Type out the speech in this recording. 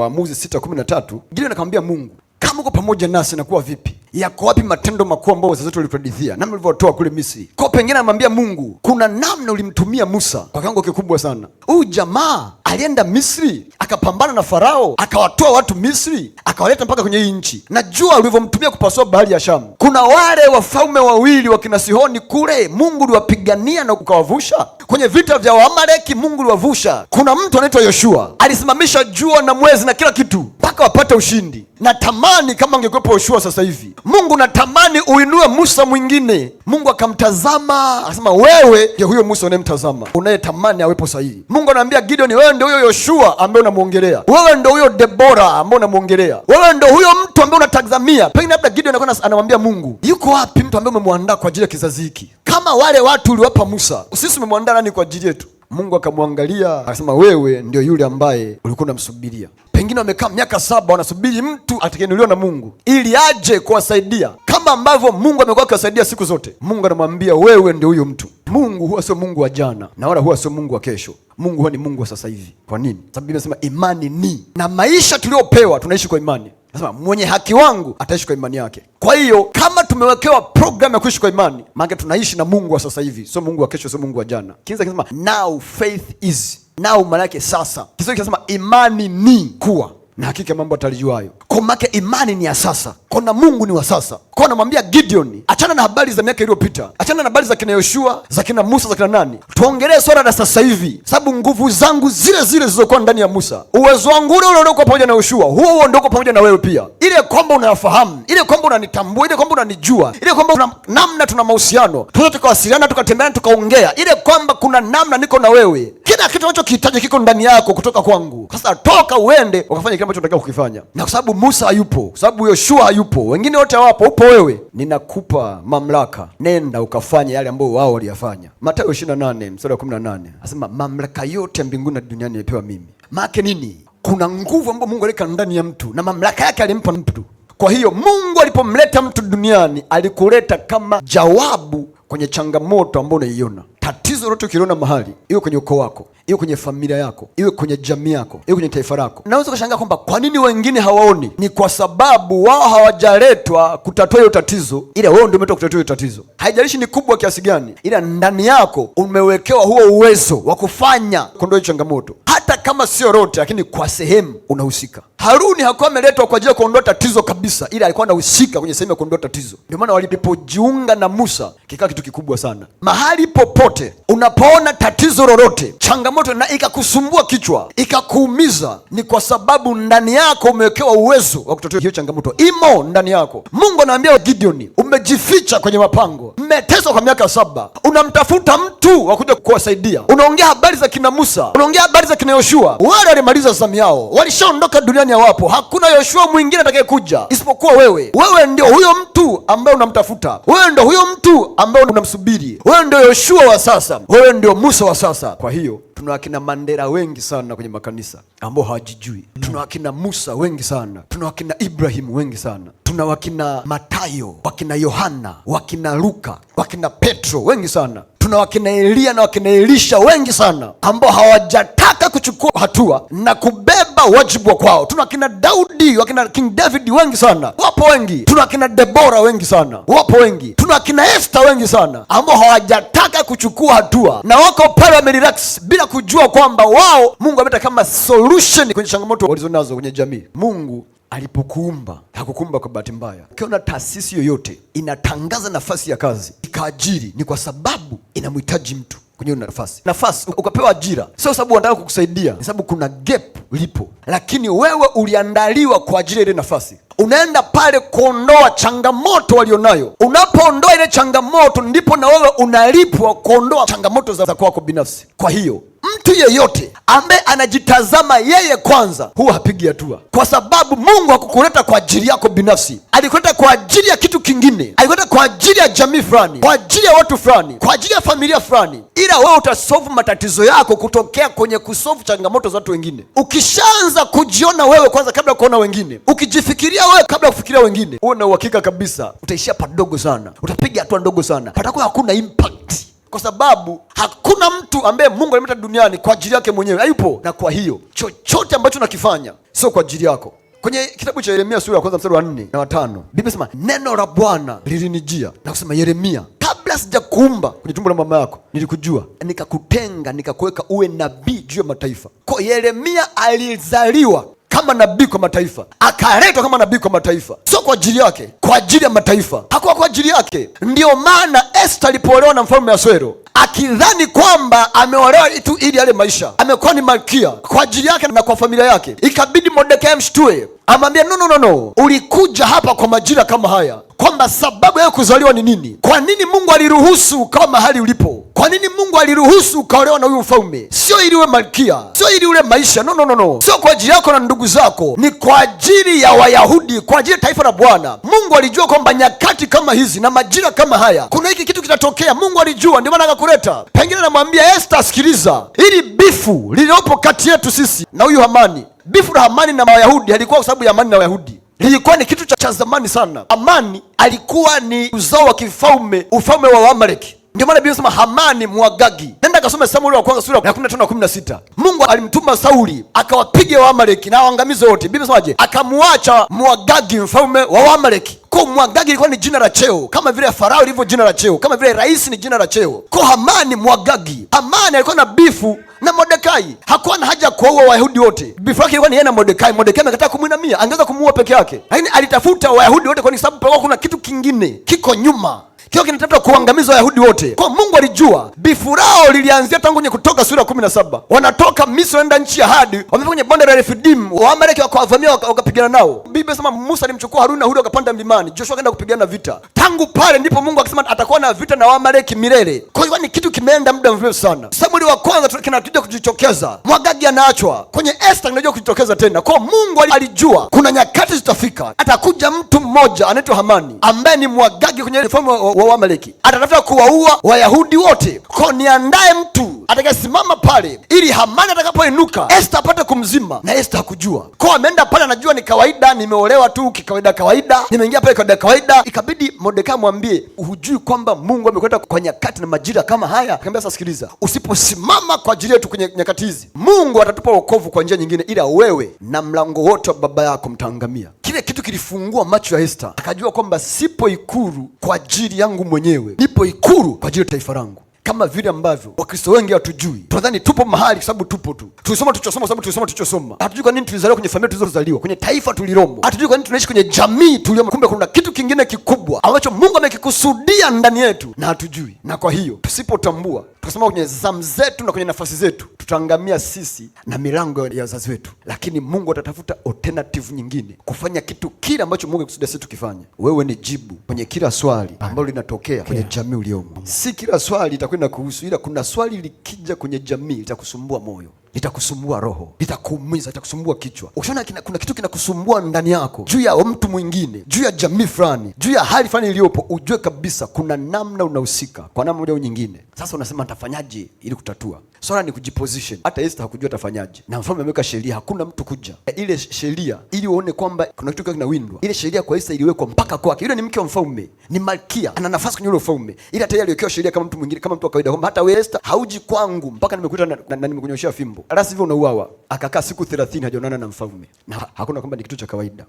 Waamuzi 6:13 Gideon akamwambia Mungu, kama uko pamoja nasi nakuwa vipi? yako wapi matendo makuu ambayo wazazi wetu walituhadithia, namna ulivyotoa kule Misri? Kwa pengine anamwambia Mungu, kuna namna ulimtumia Musa kwa kiwango kikubwa sana. Huyu jamaa alienda Misri akapambana na Farao akawatoa watu Misri akawaleta mpaka kwenye hii nchi. Najua ulivyomtumia kupasua bahari ya Shamu. Kuna wale wafalme wawili wakina Sihoni kule, Mungu uliwapigania na ukawavusha kwenye vita vya Waamaleki, Mungu uliwavusha. Kuna mtu anaitwa Yoshua alisimamisha jua na mwezi na kila kitu mpaka wapate ushindi. Natamani kama angekuwepo Yoshua sasa hivi Mungu natamani uinue Musa mwingine. Mungu akamtazama akasema, wewe ndio huyo Musa unayemtazama unayetamani awepo sahihi. Mungu anamwambia Gideoni, wewe ndio huyo Yoshua ambaye unamwongelea, wewe ndio huyo Debora ambaye unamwongelea, wewe ndio huyo mtu ambaye unatazamia. Pengine labda Gideon anakuwa anamwambia Mungu, yuko wapi mtu ambaye umemwandaa kwa ajili ya kizazi hiki? Kama wale watu uliwapa Musa, sisi umemwandaa nani kwa ajili yetu? Mungu akamwangalia akasema, wewe ndio yule ambaye ulikuwa unamsubiria. Pengine wamekaa miaka saba wanasubiri mtu atakayenuliwa na Mungu ili aje kuwasaidia kama ambavyo Mungu amekuwa akiwasaidia siku zote. Mungu anamwambia wewe ndio huyo mtu. Mungu huwa sio Mungu wa jana na wala huwa sio Mungu wa kesho. Mungu huwa ni Mungu wa sasa hivi. Kwa nini? Sababu Biblia inasema imani ni na maisha tuliyopewa, tunaishi kwa imani. Nasema mwenye haki wangu ataishi kwa imani yake. Kwa hiyo kama tumewekewa programu ya kuishi kwa imani, maana tunaishi na Mungu wa sasa hivi, sio Mungu wa kesho, sio Mungu wa jana. Kinza kinasema now faith is now, maana yake sasa. Kiswahili kinasema imani ni kuwa na hakika mambo atalijuayo kwa make imani ni ya sasa, kona Mungu ni wa sasa. Kwa namwambia Gideon, achana na habari za miaka iliyopita, achana na habari za kina Yoshua, za kina Musa, za kina nani. Tuongelee swala la sasa hivi, sababu nguvu zangu zile zile zilizokuwa ndani ya Musa, uwezo wangu ule ule uliokuwa pamoja na Yoshua, huo huo ndio pamoja na wewe pia. Ile kwamba unayafahamu, ile kwamba unanitambua, ile kwamba unanijua, ile kwamba una namna, tuna mahusiano, tunaweza tukawasiliana, tukatembeana, tukaongea, ile kwamba kuna namna niko na wewe kila kitu unachokihitaji kiko ndani yako kutoka kwangu. Sasa toka uende ukafanya kile ambacho unataka kukifanya, na kwa sababu Musa hayupo, sababu Yoshua hayupo, wengine wote hawapo, upo wewe, ninakupa mamlaka, nenda ukafanya yale ambayo wao waliyafanya. Mathayo 28 mstari wa 18 anasema mamlaka yote mbinguni na duniani nimepewa mimi. make nini? Kuna nguvu ambayo Mungu aliweka ndani ya mtu na mamlaka yake alimpa mtu. Kwa hiyo Mungu alipomleta mtu duniani alikuleta kama jawabu kwenye changamoto ambayo unaiona. Tatizo lote ukiliona mahali, iwe kwenye ukoo wako, iwe kwenye familia yako, iwe kwenye jamii yako, iwe kwenye taifa lako, naweza ukashangaa kwamba kwa nini wengine hawaoni. Ni kwa sababu wao hawajaletwa kutatua hiyo tatizo, ila wewe ndio umeletwa kutatua hiyo tatizo. Haijalishi ni kubwa kiasi gani, ila ndani yako umewekewa huo uwezo wa kufanya kuondoa hiyo changamoto hata kama sio rote, lakini kwa sehemu unahusika. Haruni hakuwa ameletwa kwa ajili ya kuondoa tatizo kabisa, ila alikuwa anahusika kwenye sehemu ya kuondoa tatizo. Ndio maana walipojiunga na Musa kikaa kitu kikubwa sana. Mahali popote unapoona tatizo lolote, changamoto na ikakusumbua kichwa, ikakuumiza, ni kwa sababu ndani yako umewekewa uwezo wa kutatua hiyo changamoto, imo ndani yako. Mungu anaambia Gideoni, umejificha kwenye mapango, mmeteswa kwa miaka saba, unamtafuta mtu wa kuja kuwasaidia, unaongea habari za kina Musa, unaongea habari za kina Yoshua wale walimaliza zamu yao, walishaondoka duniani, hawapo. Hakuna Yoshua mwingine atakayekuja isipokuwa wewe. Wewe ndio huyo mtu ambaye unamtafuta, wewe ndio huyo mtu ambaye unamsubiri, wewe ndio Yoshua wa sasa, wewe ndio Musa wa sasa. Kwa hiyo Tuna akina Mandela wengi sana kwenye makanisa ambao hawajijui. Tuna wakina Musa wengi sana, tuna wakina Ibrahimu wengi sana, tuna wakina Matayo, wakina Yohana, wakina Luka, wakina Petro wengi sana, tuna wakina Eliya na wakina Elisha wengi sana ambao hawajataka kuchukua hatua na kubeba wamebeba wajibu wa kwao. Tuna kina Daudi, wakina King David wengi sana, wapo wengi. Tuna kina Debora wengi sana, wapo wengi. Tuna kina Esta wengi sana, ambao hawajataka kuchukua hatua na wako pale wamerelax, bila kujua kwamba wao Mungu ameta kama solution kwenye changamoto walizonazo kwenye jamii. Mungu alipokuumba hakukumba kwa bahati mbaya. Ukiona taasisi yoyote inatangaza nafasi ya kazi ikaajiri, ni kwa sababu inamhitaji mtu kwenye nafasi nafasi ukapewa ajira, sio sababu unataka kukusaidia, ni sababu kuna gap lipo, lakini wewe uliandaliwa kwa ajili ya ile nafasi unaenda pale kuondoa changamoto walionayo. Unapoondoa ile changamoto, ndipo na wewe unalipwa kuondoa changamoto za kwako binafsi. Kwa hiyo mtu yeyote ambaye anajitazama yeye kwanza huwa hapigi hatua, kwa sababu Mungu hakukuleta kwa ajili yako binafsi. Alikuleta kwa ajili ya kitu kingine, alikuleta kwa ajili ya jamii fulani, kwa ajili ya watu fulani, kwa ajili ya familia fulani, ila wewe utasovu matatizo yako kutokea kwenye kusovu changamoto za watu wengine. Ukishaanza kujiona wewe kwanza kabla ya kuona wengine, ukijifikiria wewe kabla ya kufikiria wengine, uwe na uhakika kabisa utaishia padogo sana, utapiga hatua ndogo sana, patakuwa hakuna impact kwa sababu hakuna mtu ambaye Mungu alimleta duniani kwa ajili yake mwenyewe, hayupo. Na kwa hiyo chochote ambacho nakifanya sio kwa ajili yako. Kwenye kitabu cha Yeremia sura ya kwanza mstari wa nne na watano Biblia inasema neno la Bwana lilinijia na kusema, Yeremia, kabla sijakuumba kwenye tumbo la mama yako nilikujua, nikakutenga, nikakuweka uwe nabii juu ya mataifa. Kwa Yeremia alizaliwa kama nabii kwa mataifa, akaletwa kama nabii kwa mataifa, sio kwa ajili yake, kwa ajili ya mataifa, hakuwa kwa ajili yake. Ndiyo maana Esta alipoolewa na mfalme Aswero akidhani kwamba ameolewa tu ili yale maisha, amekuwa ni malkia kwa ajili yake na kwa familia yake, ikabidi Mordekai amshtue, amwambia no, no, no, no, ulikuja hapa kwa majira kama haya, kwamba sababu ya kuzaliwa ni nini? Kwa nini Mungu aliruhusu ukawa mahali ulipo? Kwa nini Mungu aliruhusu ukaolewa na huyu mfalme? Sio ili uwe malkia, sio ili ule maisha, no, no, no, no. Sio kwa ajili yako na ndugu zako, ni kwa ajili ya Wayahudi, kwa ajili ya taifa la Bwana. Mungu alijua kwamba nyakati kama hizi na majira kama haya kuna hiki kitu kitatokea. Mungu alijua, ndio maana akakuleta. Pengine namwambia Esta, sikiliza, ili bifu lililopo kati yetu sisi na huyu Hamani, bifu la Hamani na Wayahudi halikuwa kwa sababu ya Hamani na Wayahudi lilikuwa ni kitu cha, cha zamani sana. Amani alikuwa ni uzao wa kifalme, ufalme wa Waamaleki. Ndio maana Biblia inasema Hamani Mwagagi, nenda kasome Samueli wa kwanza sura ya 15 na 16. Mungu alimtuma Sauli akawapiga Waamaleki na waangamize wote. Biblia inasemaje? Akamwacha Mwagagi mfalme wa Waamaleki. Ko Mwagagi ilikuwa ni jina la cheo, kama vile Farao ilivyo jina la cheo, kama vile rais ni jina la cheo. Ko Hamani Mwagagi, Hamani alikuwa na bifu na Mordekai. Hakuwa na haja kuwaua Wayahudi wote, bifu yake ilikuwa ni yeye na Mordekai. Mordekai amekataa kumwinamia, angeweza kumuua peke yake, lakini alitafuta Wayahudi wote kwa sababu palikuwa kuna kitu kingine kiko nyuma kio kinatafuta kuangamiza Wayahudi wote. Kwa Mungu alijua bifurao lilianzia tangu kwenye Kutoka sura kumi na saba, wanatoka Misri wanaenda nchi ya Hadi, wamefika kwenye bonde la Refidim, Waamaleki wakawavamia wakapigana nao. Biblia inasema Musa alimchukua Haruni na Huri wakapanda mlimani, Joshua akaenda kupigana vita. Tangu pale ndipo Mungu akasema atakuwa na vita na Waamaleki milele. Kwa hiyo ni kitu kimeenda muda mrefu sana. Samueli wa kwanza kinatuja kujitokeza, Mwagagi anaachwa, kwenye Esta kinajua kujitokeza tena. Kwa Mungu alijua kuna nyakati zitafika, atakuja mtu mmoja anaitwa Hamani ambaye ni Mwagagi kwenye reformu wa Amaleki, atatafuta kuwaua Wayahudi wote. Kwa niandaye mtu atakayesimama pale, ili Hamani atakapoinuka Esta apate kumzima. Na Esta hakujua kwa ameenda pale, anajua ni kawaida, nimeolewa tu kikawaida kawaida, nimeingia pale kawaida kawaida. Ikabidi Modeka mwambie, hujui kwamba Mungu amekuleta kwa nyakati na majira kama haya? Akamwambia, sasa sikiliza, usiposimama kwa ajili yetu kwenye nyakati hizi, Mungu atatupa wokovu kwa njia nyingine, ila wewe na mlango wote wa baba yako mtaangamia. Kile kitu kilifungua macho ya Esta, akajua kwamba sipo ikuru kwa ajili ya yangu mwenyewe, nipo Ikulu kwa ajili ya taifa langu, kama vile ambavyo Wakristo wengi hatujui. Tunadhani tupo mahali kwa sababu tupo tu, tulisoma tulichosoma, sababu tulisoma tulichosoma. Hatujui kwa nini tulizaliwa kwenye familia tulizozaliwa, kwenye taifa tulilomo. Hatujui kwa nini tunaishi kwenye jamii tuliyomo. Kumbe kuna kitu kingine kikubwa ambacho Mungu amekikusudia ndani yetu na hatujui. Na kwa hiyo tusipotambua tukasema kwenye zamu zetu na kwenye nafasi zetu tutaangamia sisi na milango ya wazazi wetu, lakini Mungu atatafuta alternative nyingine kufanya kitu kile ambacho Mungu alikusudia sisi tukifanye. Wewe ni jibu kwenye kila swali ambalo linatokea kwenye jamii uliomo. Si kila swali itakwenda kuhusu, ila kuna swali likija kwenye jamii litakusumbua moyo litakusumbua roho, litakuumiza, litakusumbua kichwa. Ukishaona kuna kitu kinakusumbua ndani yako, juu ya mtu mwingine, juu ya jamii fulani, juu ya hali fulani iliyopo, ujue kabisa kuna namna unahusika kwa namna moja au nyingine. Sasa unasema nitafanyaje ili kutatua swala? Ni kujiposition. Hata Esta hakujua atafanyaje, na mfalme ameweka sheria, hakuna mtu kuja e, ile sheria, ili uone kwamba kuna kitu kinawindwa. Ile sheria kwa Esta iliwekwa mpaka kwake. Yule ni mke wa mfalme, ni malkia, ana nafasi kwenye ule ufalme, ila tayari aliwekewa sheria kama mtu mwingine, kama mtu wa kawaida, kwamba hata wewe Esta hauji kwangu mpaka nimekuita na, na, na nimekunyoshea fimbo la sivyo unauawa. Akakaa siku 30 hajaonana na mfalme, na hakuna kwamba ni kitu cha kawaida.